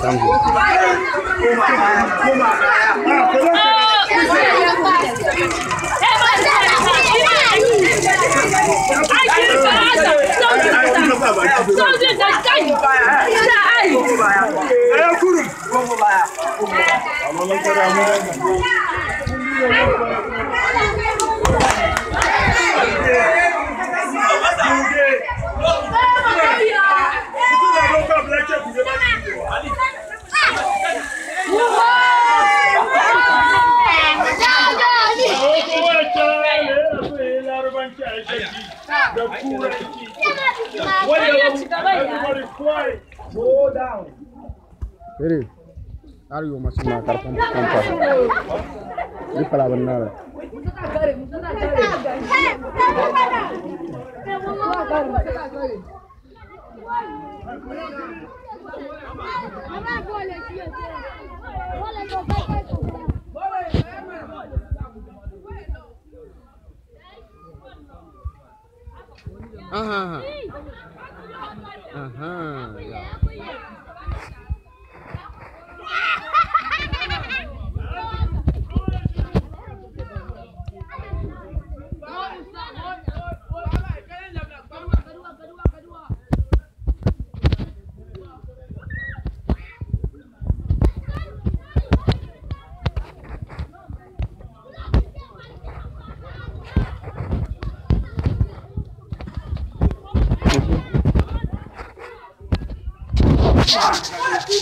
Tamo junto. Eri, har masih masu sampai. karfan kamfa. Ni falaban Aha. Aha.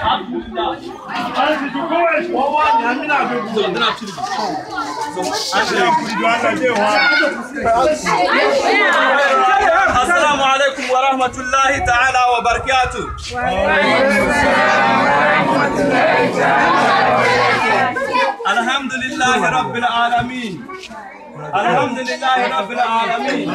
السلام عليكم ورحمة الله تعالى وبركاته الحمد لله رب العالمين الحمد لله رب العالمين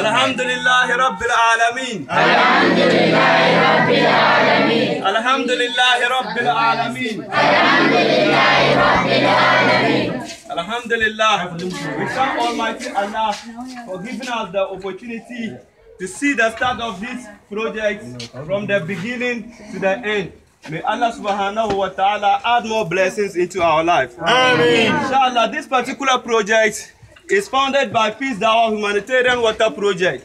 الحمد لله رب العالمين الحمد لله رب العالمين الحمد لله رب العالمين الحمد لله رب العالمين الحمد لله رب العالمين Alhamdulillah, we thank Almighty Allah for giving us the opportunity to see the start of this project from the beginning to the end. May Allah subhanahu wa ta'ala add more blessings into our life. Amen. Inshallah, this particular project is founded by Peace Dawah Humanitarian Water Project.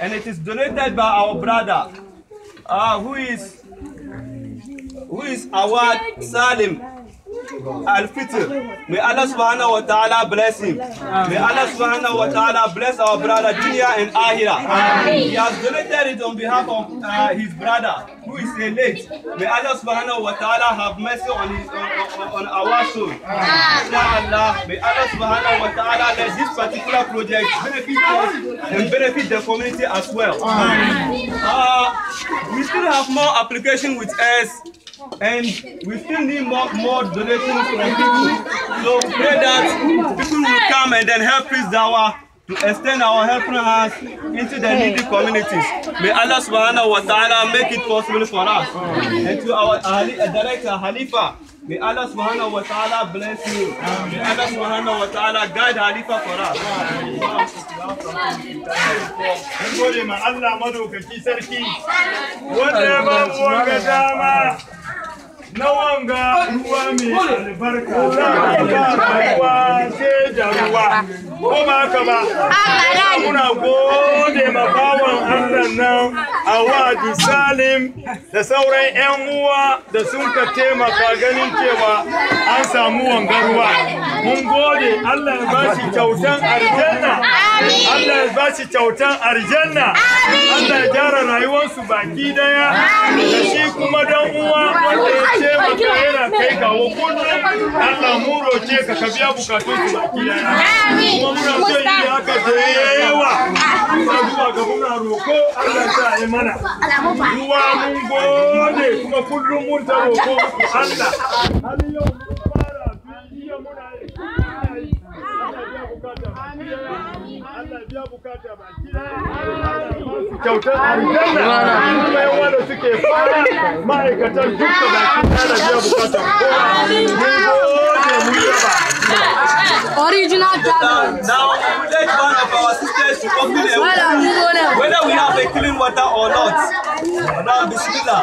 And it is donated by our brother, uh, who is who is Awad Salim. al May Allah subhanahu wa ta'ala bless him. May Allah subhanahu wa ta'ala bless our brother Dunya and Ahira. He has donated it on behalf of uh, his brother who is a late. May Allah subhanahu wa ta'ala have mercy on, his, on, on, on our soul. Inshallah, may Allah subhanahu wa ta'ala let this particular project benefit us and benefit the community as well. Uh, we still have more application with us and we still need more, more donations from people. So pray that people will come and then help us. Our to extend our helping hands into the needy communities. May Allah subhanahu wa ta'ala make it possible for us. And to our uh, director, Halifa, May Allah subhanahu wa ta'ala bless you. May Allah subhanahu wa ta'ala guide Halifa for us. Mun gode ma Allah madaukaki sarki. Wanda ya na wanga ruwa mai albarka na ruwa sai da ruwa ko ba haka ba muna gode ma bawan Allah nan Awadu Salim da sauran 'yan uwa da sun ka taimaka ganin cewa an samu wanga ruwa mun gode Allah ya bashi kyautan aljanna Allah ya ba shi kyautan aljanna Allah ya gyara rayuwarsu baki daya da shi kuma dan uwa wanda ya ce maka yana kai kawo kullum Allah mu roke ka ka biya bukatun su baki daya kuma muna so yi haka da yawa muna zuwa ga muna roko Allah ya yi mana ruwa mun gode kuma kullum mun ta roko Allah har yau kyautar aljanna original now we one of our sisters to come to the whether we have a clean water or not now bismillah